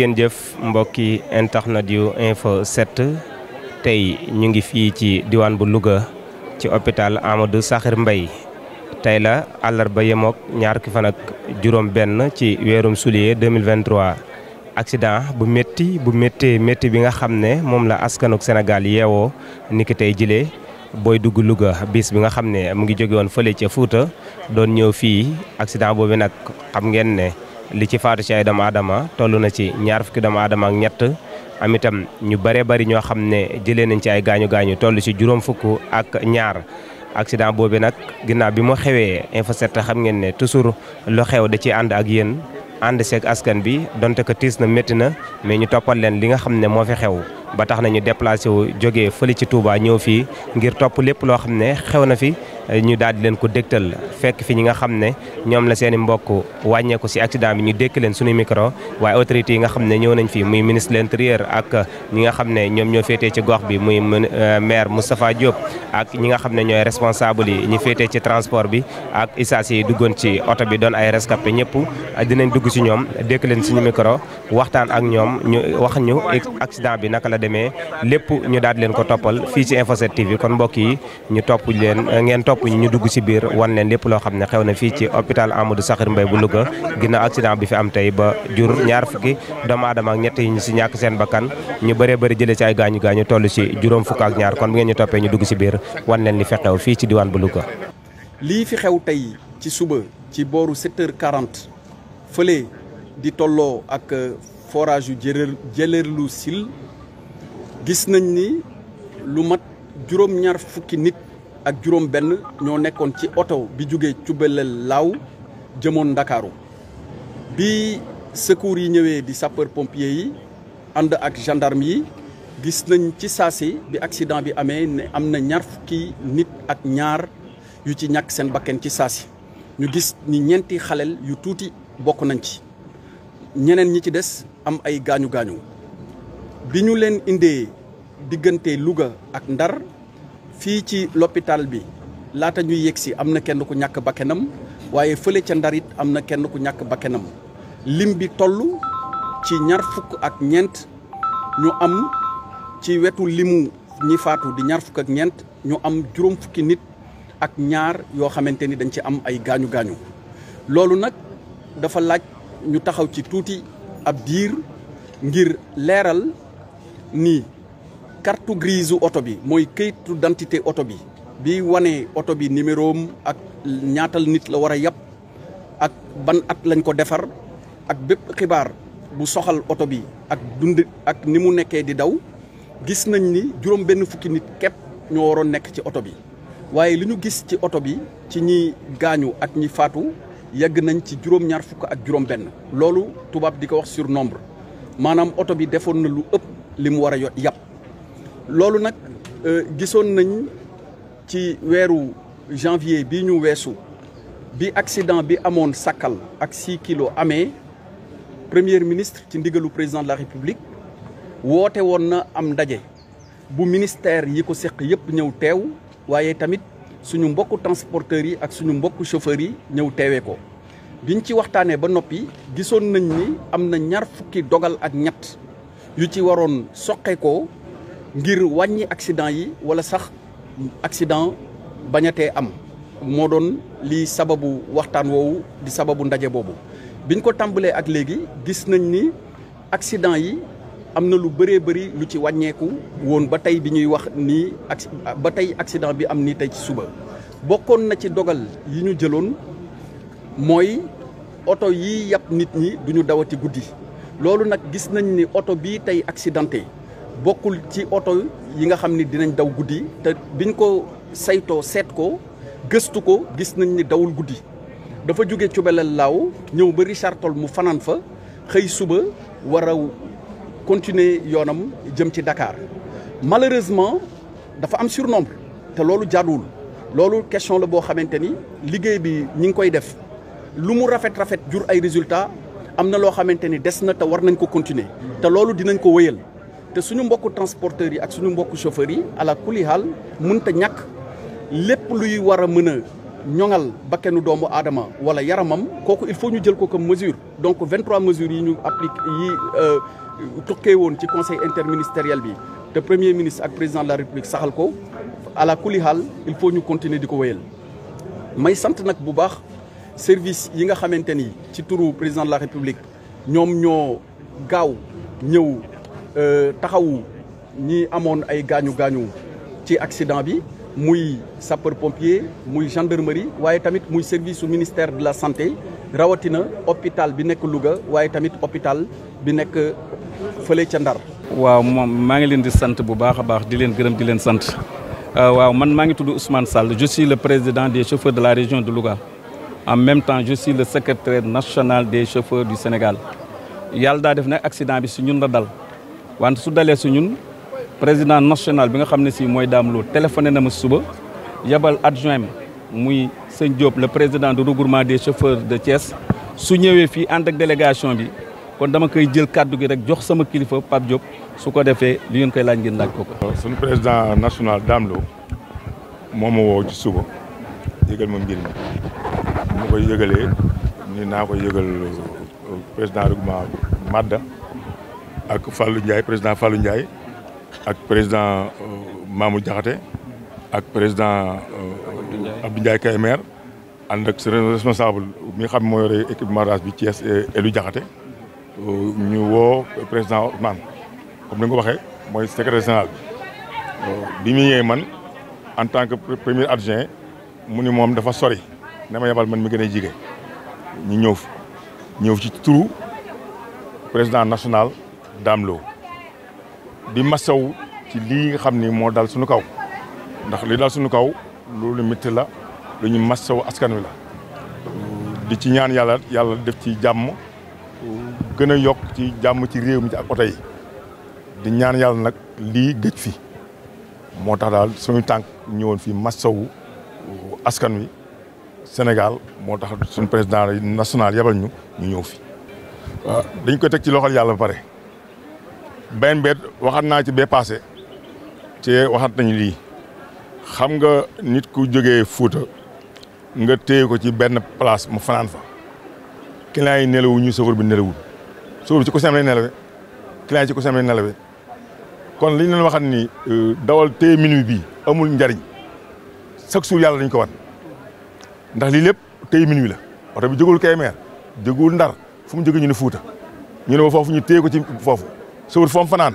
jërëgeen jëf mbokki internet yu info 7 tey ñu ngi fii ci diwaan bu Louga ci hôpital Amadou Sakhir mbay tey la àllarba yemook ñaar ki fan ak juróom benn ci weerum juillet 2023 accident bu métti bu méttee métti bi nga xam ne moom la askanuk Sénégal yeewoo niki tey jile booy dugg Louga bis bi nga xam ne mu ngi jóge woon fële ca Fuuta doon ñëw fii accident boobu nag xam ngeen ne li ci faatu ci ay doomu aadama toll na ci ñaar fukki doomu aadama ak ñett am itam ñu bëree bëri ñoo xam ne jëlee nañ ci ay gaañu gaañu toll ci juróom fukk ak ñaar accident boobu nag ginnaaw bi mu xewee Info 7 xam ngeen ne toujours lu xew da ciy ànd ak yen ànd seeg askan bi donte ko tiis na métti na mais ñu toppal leen li nga xam ne moo fi xew ba tax na ñu déplacé wu jógee fële ci Touba ñëw fii ngir topp lépp loo xam ne xew na fi. ñu daal di leen ko dégtal fekk fi ñu nga xam ne ñoom la seen i mbokk wàññeeku si accident bi ñu dékk leen suñu micro waaye autorités yi nga xam ne ñëw nañ fi muy ministre de ak ñi nga xam ne ñoom ñoo féetee ci gox bi muy euh, maire Moustapha Diop ak ñi nga xam ne ñooy responsable yi ñu féetee ci transport bi ak isaas yi duggoon ci oto bi doon ay rescapé ñëpp dinañ dugg si ñoom dékk leen suñu micro waxtaan ak ñoom ñu wax ñu accident bi naka la demee lépp ñu daal di leen ko toppal fii ci Info 7 TV kon mbokk yi ñu topp leen ñu ñu dugg ci biir wan leen lépp loo xam ne xew na fii ci hôpital Amadou Sakhir Mbaye bu Louga ginnaaw accident bi fi am tey ba jur ñaar fukki doomu aadama ñett yi ñu ci ñàkk seen bakkan ñu bëree bëri jëlee ci ay gaañu gaañu toll ci juróom fukk ak ñaar kon bu ngeen ñu toppee ñu dugg ci biir wan leen li fi xew fii ci diwaan bu Louga. lii fi xew tey ci suba ci booru 7 h fële di tolloo ak euh, forage yu jëlër jëlërlu sil gis nañ ni lu mat juróom-ñaar fukki ak juróom benn ñoo nekkoon ci oto bi jóge Cubbalel Laaw jëmoon Ndakaaru bi secours yi ñëwee di sapeur pompier yi ànd ak gendarme yi gis nañ ci saasi bi accident bi amee ne am na ñaar fukki nit ak ñaar yu ci ñàkk seen bakken ci saasi ñu gis ni ñeenti xaleel yu tuuti bokk nañ ci ñeneen ñi ci des am ay gaañu gaañu bi ñu leen indee diggante Louga ak Ndar fii ci loppitaan bi laata ñu yegg si am na kenn ku ñàkk bakkenam waaye fële ca ndarit am na kenn ku ñàkk bakkenam lim bi toll ci ñaar fukk ak ñeent ñu am ci wetu limu ñi faatu di ñaar fukk ak ñeent ñu am juróom fukki nit ak ñaar yoo xamante ni dañ ci am ay gaañu gaañu loolu nag dafa laaj ñu taxaw ci tuuti ab diir ngir leeral ni carte grise oto bi mooy këyitu d'identité oto bi bi wane oto bi numéroom ak ñaatal nit la war yàpp ak ban at lañ ko defar ak bépp xibaar bu soxal oto bi ak dund ak ni mu nekkee di daw gis nañ ni juróom benn fukki nit kepp ñoo waroon nekk ci oto bi waaye li ñu gis ci oto bi ci ñi gaañu ak ñi faatu yegg nañ ci juróom-ñaar fukk ak juróom benn loolu tubaab di ko wax surnombre maanaam oto bi defoon na lu ëpp li mu war a yàpp loolu nag euh, gisoon nañ ci weeru janvier bi ñu weesu bi accident bi amoon Sakal ak 6 kilo amee premier ministre ci ndigalu président de la république woote woon na am ndaje bu ministère yi ko seq yëpp ñëw teew waaye tamit suñu mbokk transporteurs yi ak suñu mbokku chauffeurs yi ñëw teewee ko biñ ci waxtaanee ba noppi gisoon nañ ni am na ñaar fukki dogal ak ñett yu ci waroon soqe ko ngir wàññi accident yi wala sax accident bañatee am moo doon lii sababu waxtaan woowu di sababu ndaje boobu biñ ko tàmbalee ak léegi gis nañ ni accident yi am na lu bëree bëri lu ci wàññeeku woon ba tey bi ñuy wax ni ba tey accident bi am nii tey ci suba bokkoon na ci dogal yi ñu jëloon mooy oto yi yàpp nit ñi duñu dawati guddi loolu nag gis nañ ni oto bii tey accidenté bokkul ci oto yi nga xam ni dinañ daw guddi te biñ ko saytoo seet ko gëstu ko gis nañ ni dawul guddi dafa jóge Cubelel laaw ñëw ba Richard Toll mu fanaan fa xëy suba war a continuer yoonam jëm ci dakaar malheureusement dafa am surnombre te loolu jaaduwul loolu question la boo xamante ni liggéey bi ñi ngi koy def lu mu rafet rafet jur ay résultats am na loo xamante ni des na te war nañ ko continuer te loolu dinañ ko wéyal. te suñu mbokku transporteurs yi ak suñu mbokku chauffeurs yi ala kuli haal mënta ñàkk lépp luy war a mën a ñoŋal bakkanu doomu aadama wala yaramam kooku il faut ñu jël ko comme mesure donc 23 mesures yi ñu applique yi euh, tukkee woon ci conseil interministériel bi te premier ministre ak président de la république saxal ko ala kuli il faut ñu continuer di ko wéyal may sant nag bu baax service yi nga xamante ni ci turu président de la république ñoom ñoo gaaw ñëw Euh, taxawu ñi amoon ay gaañu gaañu ci accident bi muy sapeur pompier muy gendarmerie waaye tamit muy service su ministère de la santé rawatina hôpital bi nekk Louga waaye tamit hôpital bi nekk fële ca Ndar. waaw moom maa ngi leen di sant bu baax a baax di leen gërëm di leen sant euh, waaw man maa ngi tudd Ousmane Sall je suis le président des chauffeurs de la région de Louga en même temps je suis le secrétaire national des chauffeurs du Sénégal yàlla daa def nag accident bi si ñun la dal. wante su dalee su ñun président national bi nga xam ne si mooy Dame Lo téléphoné na ma suba yabal adjoint muy sëñ Diop le président du regroupement des chauffeurs de Thiès su ñëwee fii ànd ak délégation bi kon dama koy jël kàddu gi rek jox sama kilifa Pape Diop su ko defee li ngeen koy laaj ngeen laaj ko ko. Euh, suñu président national Dame Lo moo ma woo ci suba ma mbir mi mu koy yëgalee ni naa ko yëgal euh, président regroupement Madda. ak falu Ndiaye président falu Ndiaye ak président euh, Mamou Diakhaté ak président euh, Abdou Ndiaye kay maire ànd ak seen responsable mi nga xam moo yore équipement rage bi Thiès Elou Diakhaté euh, ñu woo président Ousmane comme ni nga ko waxee mooy secrétaire général bi mu ñëwee man en tant que premier adjoint mu ni moom dafa sori ne ma man mi gën a jige ñu ñëw ñëw ci turu président national Dame Lo di masaw ci lii nga xam ni moo dal suñu kaw ndax li daal suñu kaw loolu métti la lu ñu masaw askan wi la di ci ñaan yàlla yàlla def ci jàmm gën a yokk ci jàmm ci réew mi ci ak oto di ñaan yàlla nag lii gëj fi moo tax daal suñu tànk ñëwoon fi masawu askan wi Sénégal moo tax suñu président national yabal ñu ñu ñëw fi waaw dañ koy teg ci loxol yàlla ba pare benn beet waxaat naa ci bee passé ci waxat nañu lii xam nga nit ku jógee Fuuta nga téye ko ci benn place mu fanaan fa client yi nelawuñu ñu chauffeur bi nelawul chauffeur bi ci ko sem lay nelawe client yi ci ko sem lay nelawe kon li ñu leen waxat ni euh, dawal téye minuit bii amul njariñ chaque jour yàlla dañ ko wan ndax lii lépp téye wi la oto bi jógul Kébémer jógul Ndar fu mu jóge ñu ne Fuuta ñu ne ma foofu ñu téye ko ci foofu suur foom fanaan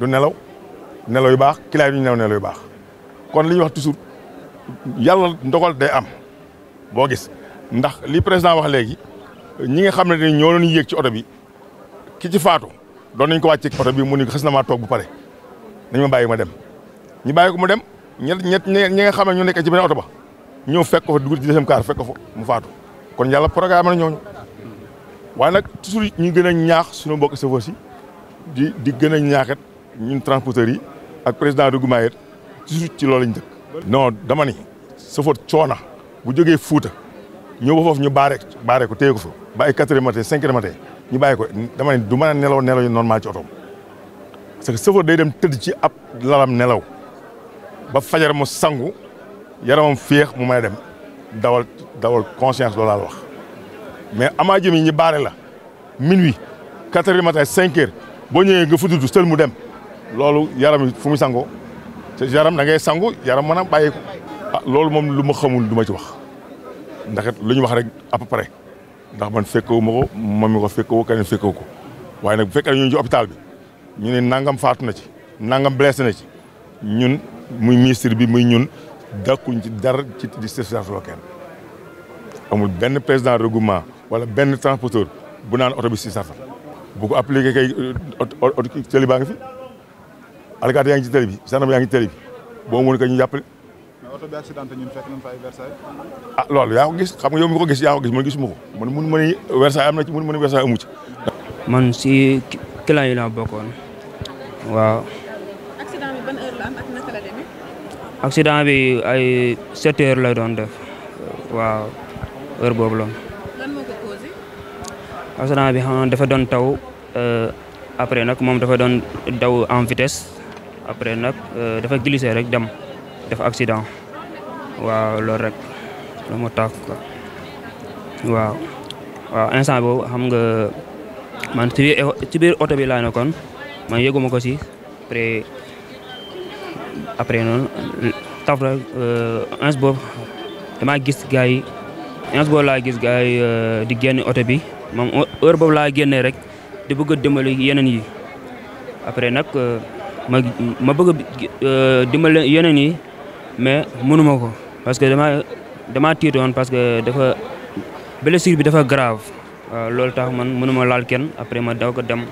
du nelaw nelaw yu baax kilaay du ñu nelaw nelaw yu baax kon li ñuy wax toujours yàlla ndogal day am boo gis ndax li président wax léegi ñi nga xam ne dañ ñoo doon yéeg ci oto bi ki ci faatu doon nañ ko wàcceeg oto bi mu ni xas na maa toog bu pare nañ ma bàyyi ma dem ñu bàyyi ko mu dem ñett ñett ñi nga xam ne ñu nekk ci beneen oto ba ñëw fekk ko fa dugg ci deuxième car fekk ko fa mu faatu kon yàlla programme na ñooñu waa nag toujours ñu gën a ñaax suñu mbokk chauffeur si di di gën a ñaaxat ñun transporteurs yi ak président de Goumayet toujours ci loolu lañ dëkk. non dama ni sofot coona bu jógee Fuuta ñëw ba foofu ñu baare baare ko téye ko fa ba ay quatre heures matin cinq ñu bàyyi ko dama ni du mën a nelaw nelaw yu normal ci otoom parce que sofot day dem tëdd ci ab lalam nelaw ba fajar mu sangu yaramam féex mu mën dem dawal dawal conscience loolu laal wax mais amaa jëm yi ñu baare la minuit quatre heures matin cinq boo ñëwee nga fudutu sël mu dem loolu yaram yi fu mu sangoo te yaram da ngay sangu yaram mën a bàyyi ah loolu moom lu ma xamul du ma ci wax ndax lu ñu wax rek à ndax man fekkewu ma ko moom mi ko fekkewu keneen fekkewu ko waaye nag bu fekkee ñu ci hôpital bi ñu ne nangam faatu na ci nangam blessé na ci ñun muy ministre bi muy ñun dàkkuñ ci dara ci di station kenn amul benn président regroupement wala benn transporteur bu naan oto bi si bu ko appliqué kay euh, tëli baa ngi fi alkaati yaa ngi ci tëli bi sanam yaa ngi ci bi boo mën ko ñu jàppale. mais oto bi accidenté ñun fekk ah, loolu yaa ko gis xam nga yow mi ko gis yaa ko gis man gisuma ko man mun ma ni Versailles am na ci mun ma ni Versailles amu man si client yi laa bokkoon waaw. accident bi ban heure la am naka la demee. accident bi ay 7 heures lay doon def waaw heure boobu la. accident bi xam dafa doon taw euh, après nag moom dafa doon daw en vitesse après nag euh, dafa glissé rek dem def accident waaw loolu rek la mu tàkk waaw instant boobu xam nga man ci biir oto bi laa nekkoon man yëguma ko si après après noonu taf rek euh, ins boobu gis gars laa gis gars yi di génn oto bi moom heure boobu laa génnee rek di bëgg a yeneen yi après nag euh, ma ma bëgg a euh, yeneen yi mais mënuma ko parce que dama dama tiitoon parce que dafa blessure bi dafa grave waaw loolu tax man mënuma laal kenn après ma daw ko dem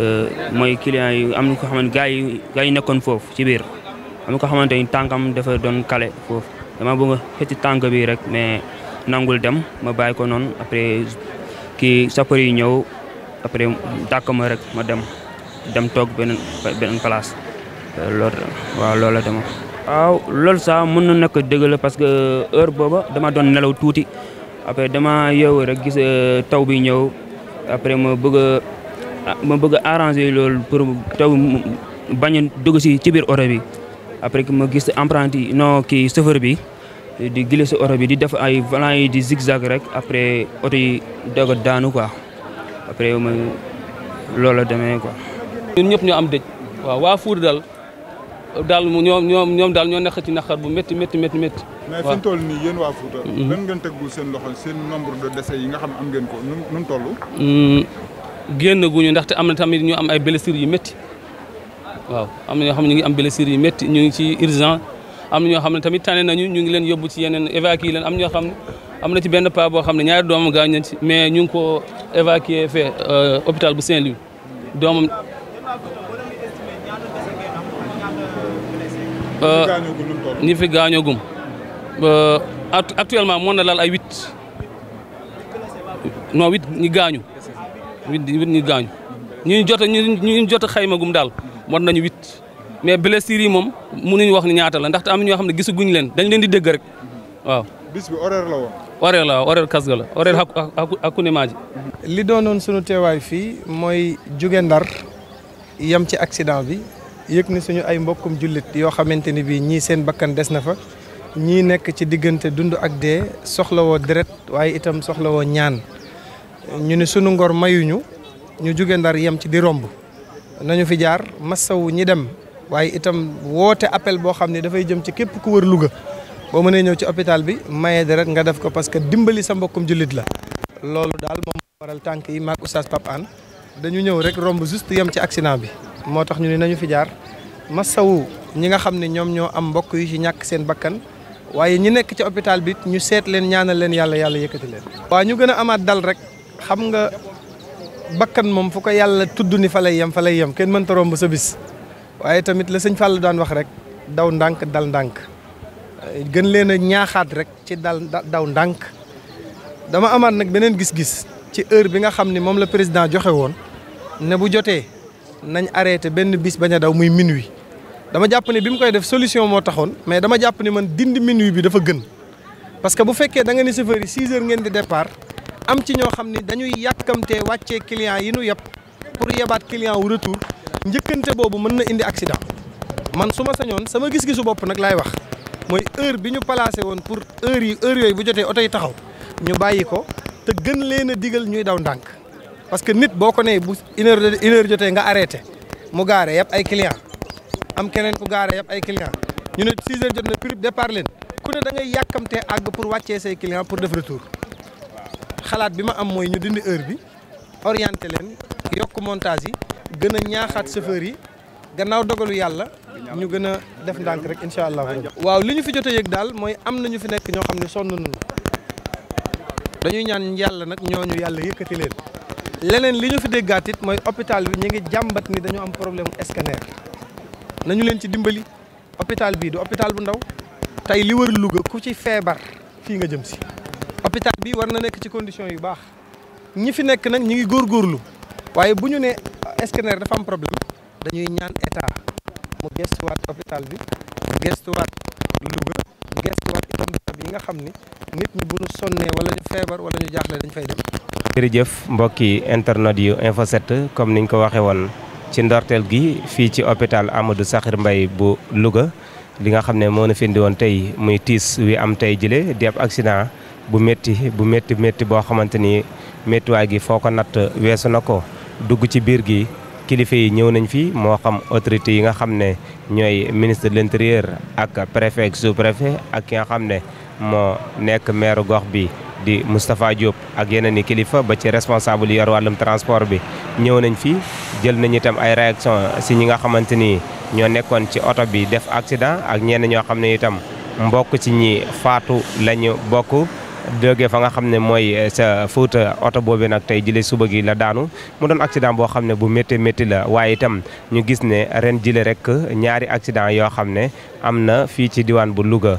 euh, mooy client yi am na ko xamante gars yi gars yi nekkoon foofu ci biir am na ko xamante ni tànkam dafa doon kale foofu dama bëgg a xëcc bi rek mais nangul dem ma bàyyi ko noonu après kii sapeur yi ñëw après tàkk ma rek ma dem dem toog beneen beneen place loolu waaw loolu la dama waaw loolu sax mën na nekk dëgg la parce que heure booba dama doon nelaw tuuti après dama yeewu rek gis euh, taw bi ñëw après ma bëgg a ma bëgg a loolu pour taw bañ a dugg si ci biir ma gis emprunté non kii chauffeur bi. di glisser oto bi di def ay volant yi di zigzag rek après oto yi doog a daanu quoi après mooy loolu la demee quoi. ñun ñëpp ñu am dëj waaw waa Fuuta daal daal ñoom ñoom ñoom daal ñoo nekk ci naqar bu métti métti métti métti. waaw mais fi mu toll nii yéen waa Fuuta. Mhm. lan ngeen teggul seen loxo seen nombre de décès yi nga xam am ngeen ko nu mu nu mu toll. Mm, génn guñu am na tamit ñu am ay blessures yu métti waaw am na xam ñu ngi am blessures yu métti ñu ngi ci urgence. am na ñoo xam ne tamit tane nañu ñu ngi leen yóbbu ci yeneen évacué leen am ñoo xam am na ci benn boo xam ne ñaari doomam gaañ nañ mais ñu ngi ko évacué fee euh, bu Saint-Louis doomam ñi fi euh, gaañoogum actuellement mën na lal ay huit non huit ñi gaañu huit ñi jot a ñu jot a xaymagum daal mën nañu mais blessures yi moom mënuñ wax ni ñaata la ndaxte am ñoo xam ne gisaguñ leen dañ leen di dégg rek waaw. bis bi horaire la woon. horaire la waaw horaire Kasga la horaire Hakunemaaji li doonoon sunu teewaay fii mooy jóge Ndar yem ci accident bi yëg ni suñu ay mbokkum jullit yoo xamante ni bii ñii seen bakkan des na fa ñii nekk ci diggante dund ak dee soxlawoo deret waaye itam soxlawoo ñaan ñu ni sunu ngor mayuñu ñu jóge Ndar yem ci di romb nañu fi jaar massawu ñi dem. waaye itam woote appel boo xam ne dafay jëm ci képp ku wër Louga boo mënee ñëw ci hôpital bi maye deret nga def ko parce que dimbali sa mbokkum jullit la. loolu daal moom waral tànk yi maag oustaz Pape dañu ñëw rek romb juste yem ci accident bi moo tax ñu ne nañu fi jaar masawu ñi nga xam ne ñoom ñoo am mbokk yu ci ñàkk seen bakkan waaye ñi nekk ci hôpital bi ñu seet leen ñaanal leen yàlla yàlla yëkkati leen. waa ñu gën a amaat dal rek xam nga bakkan moom fu ko yàlla tudd ni fa yem fa yem kenn mënta romb sa bis. waaye tamit la sëñ Fall daan wax rek daw ndànk dal ndànk gën leen ñaaxaat rek ci dal daw ndànk dama amaat nag beneen gis-gis ci heure bi nga xam ni moom la président joxe woon ne bu jotee nañ arrêté benn bis bañ a muy minuit dama jàpp ne bi mu koy def solution moo taxoon mais dama jàpp ne man dindi minuit bi dafa gën parce que bu fekkee da nga ni chauffeur yi 6 ngeen di départ am ci ñoo xam ni dañuy yàkkamtee wàccee client yi nu yeb pour yebaat wu retour njëkkante boobu mën na indi accident man su ma sañoon sama gis-gisu bopp nag laay wax mooy heure bi ñu placé woon pour heure yi heure yooyu bu jotee oto yi taxaw ñu bàyyi ko te gën leen a digal ñuy daw ndànk parce que nit boo ko nee bu une heure une heure jotee nga arrêté mu gaare yëpp ay client am keneen ku gaare yëpp ay client ñu ne 6 heures jot na prix départ leen ku ne da ngay yàkkamtee àgg pour wàccee say client pour def retour xalaat bi ma am mooy ñu dindi heure bi orienté leen yokk montage yi gën a ñaaxaat chauffeur yi gannaaw dogalu yàlla ñu gën a def ndànk rek incha allah. waaw li ñu fi jot a yëg daal mooy am na ñu fi nekk ñoo xam ne sonn nañu dañuy ñaan yàlla nag ñooñu yàlla yëkkati leneen li ñu fi déggaat mooy hôpital bi ñu ngi jàmbat ni dañu am problème scanner nañu leen ci dimbali hôpital bii du hôpital bu ndaw tey li wër Louga ku ci feebar fii nga jëm si. hôpital bii war na nekk ci condition yu baax ñi fi nekk nag ñu ngi góorgóorlu waaye bu ñu ne scanner dafa am problème dañuy ñaan état mu gestuwaat hôpital bi gestuwaat Louga gestuwaat itam barab yi nga xam ni nit ñi bu ñu sonnee wala ñu feebar wala ñu jaaxle dañ fay dem. jërëjëf mbokki internet yu Info 7 comme niñ ko waxee woon ci ndorteel gi fii ci hôpital Amadou Sakhir mbay bu Louga li nga xam ne moo na woon tey muy tiis wi am tey jële di ab accident bu métti bu metti métti boo xamante ni méttiwaay gi foo ko natt weesu na ko. dugg ci biir gi kilifa yi ñëw nañ fi moo xam autorités yi nga xam ne ñooy ministre de l'intérieur ak préfet ak sous-préfet ak ki nga xam ne moo nekk maire gox bi di Moustapha Diop ak yeneen i kilifa ba ci responsable yor wàllum transport bi ñëw nañ fi jël nañ itam ay réaction si ñi nga xamante ni ñoo nekkoon ci oto bi def accident ak ñenn ñoo xam ne itam mbokk ci ñi faatu lañu bokk jóge fa nga xam ne mooy eh, sa Fuuta oto boobu nag tey jile suba gi la daanu mu doon accident boo xam ne bu métti métti la waaye itam ñu gis ne ren jile rek ñaari accident yoo xam ne am na fii ci diwaan bu Louga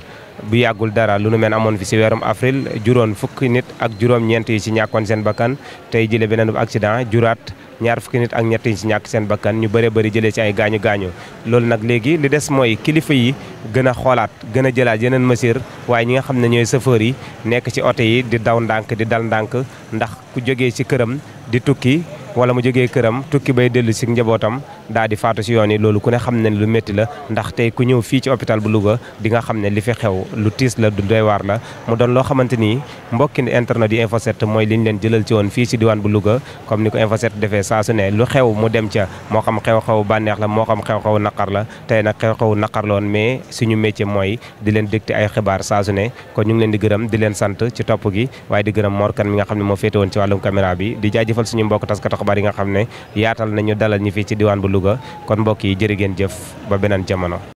bu yàggul dara lu nu mel amoon fi si weerum avril juróon fukki nit ak juróom-ñeent yi ci ñàkkoon seen bakkan tey jëlee beneen bu accident juraat ñaar fukki nit ak ñett ci ñàkk seen bakkan ñu bëree bëri jëlee ci ay gaañu gaañu loolu nag léegi li des mooy kilifa yi gën a xoolaat gën a jëlaat yeneen mesures waaye ñi nga xam ne ñooy chauffeur yi nekk ci oto yi di daw ndànk di dal ndànk ndax ku jógee ci këram di tukki wala mu jógee këram tukki bay dellu si njabootam daa di faatu si yoon yi loolu ku ne xam ne lu métti la ndax tey ku ñëw fii ci hôpital bu Louga di nga xam ne li fi xew lu tiis la du doy waar la mu doon loo xamante ni mbokki internet yi Info 7 mooy li ñu leen jëlal ci woon fii si diwaan bu luga comme ni ko Info 7 defee saa su ne lu xew mu dem ca moo xam xew-xew bànneex la moo xam xew-xew naqar la tey nag xew-xew naqar la woon mais ñu métier mooy di leen dégte ay xibaar saa ne kon ñu ngi leen di gërëm di leen sant ci topp gi waaye di gërëm Mor Kane mi nga xam ne moo féete woon ci wàllum caméra bi nga xam ne yaatal nañu dalal ñi fii Louga kon mbokk yi jërë ngeen jëf ba beneen jamono.